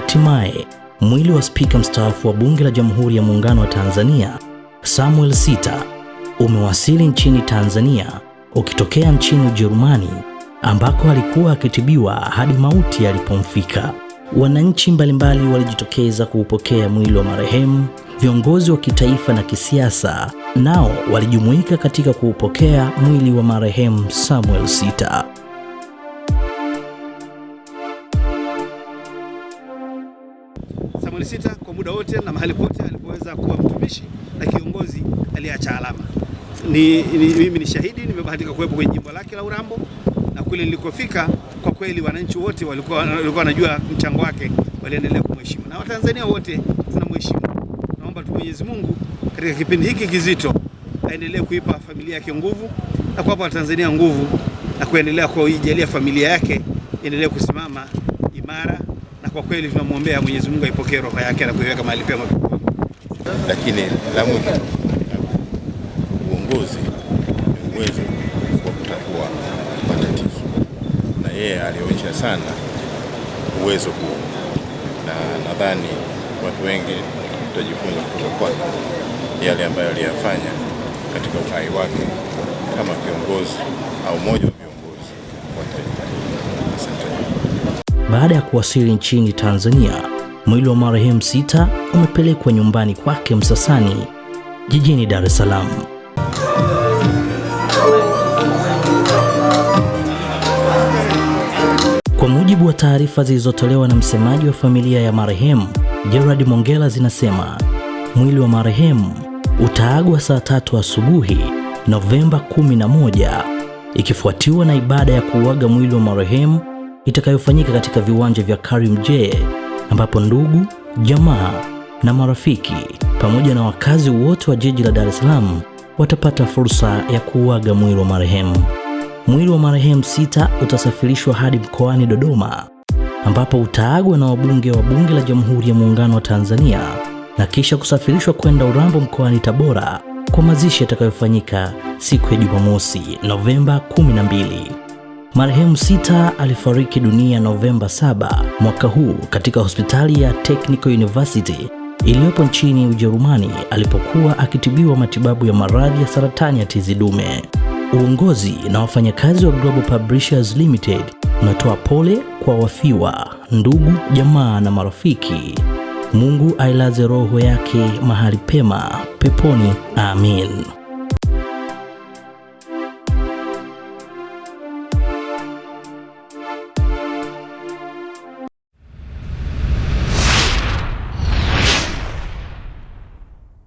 Hatimaye mwili wa spika mstaafu wa bunge la Jamhuri ya Muungano wa Tanzania Samuel Sita umewasili nchini Tanzania ukitokea nchini Ujerumani ambako alikuwa akitibiwa hadi mauti alipomfika. Wananchi mbalimbali walijitokeza kuupokea mwili wa marehemu. Viongozi wa kitaifa na kisiasa nao walijumuika katika kuupokea mwili wa marehemu Samuel Sita. Sita kwa muda wote na mahali pote alipoweza kuwa mtumishi na kiongozi aliacha alama. Ni, ni, mimi ni shahidi, nimebahatika kuwepo kwenye jimbo lake la Urambo na kule nilikofika, kwa kweli wananchi wote walikuwa walikuwa wanajua mchango wake, waliendelea kumheshimu na Watanzania wote tunamheshimu. Naomba tu Mwenyezi Mungu katika kipindi hiki kizito aendelee kuipa familia yake nguvu na kuwapa Watanzania nguvu na kuendelea kuijalia familia yake endelee kusimama imara kwa kweli tunamwombea Mwenyezi Mungu aipokee roho yake na kuiweka mahali pema, lakini la mwisho uongozi ni uwezo wa kutatua matatizo, na yeye alionyesha sana uwezo huo, na nadhani watu wengi tutajifunza kutoka kwake yale ambayo aliyafanya katika uhai wake kama kiongozi au mmoja wa viongozi wa taifa. Asante. Baada ya kuwasili nchini Tanzania, mwili wa marehemu Sita umepelekwa nyumbani kwake Msasani jijini Dar es Salaam. Kwa mujibu wa taarifa zilizotolewa na msemaji wa familia ya marehemu Gerard Mongela, zinasema mwili wa marehemu utaagwa saa tatu asubuhi Novemba 11, ikifuatiwa na ibada ya kuuaga mwili wa marehemu itakayofanyika katika viwanja vya Karimjee ambapo ndugu, jamaa na marafiki pamoja na wakazi wote wa jiji la Dar es Salaam watapata fursa ya kuuaga mwili wa marehemu. Mwili wa marehemu Sita utasafirishwa hadi mkoani Dodoma ambapo utaagwa na wabunge wa Bunge la Jamhuri ya Muungano wa Tanzania na kisha kusafirishwa kwenda Urambo mkoani Tabora kwa mazishi yatakayofanyika siku ya Jumamosi, Novemba 12. Marehemu Sita alifariki dunia Novemba 7 mwaka huu katika hospitali ya Technical University iliyopo nchini Ujerumani alipokuwa akitibiwa matibabu ya maradhi ya saratani ya tezi dume. Uongozi na wafanyakazi wa Global Publishers Limited unatoa pole kwa wafiwa, ndugu, jamaa na marafiki. Mungu ailaze roho yake mahali pema peponi. Amin.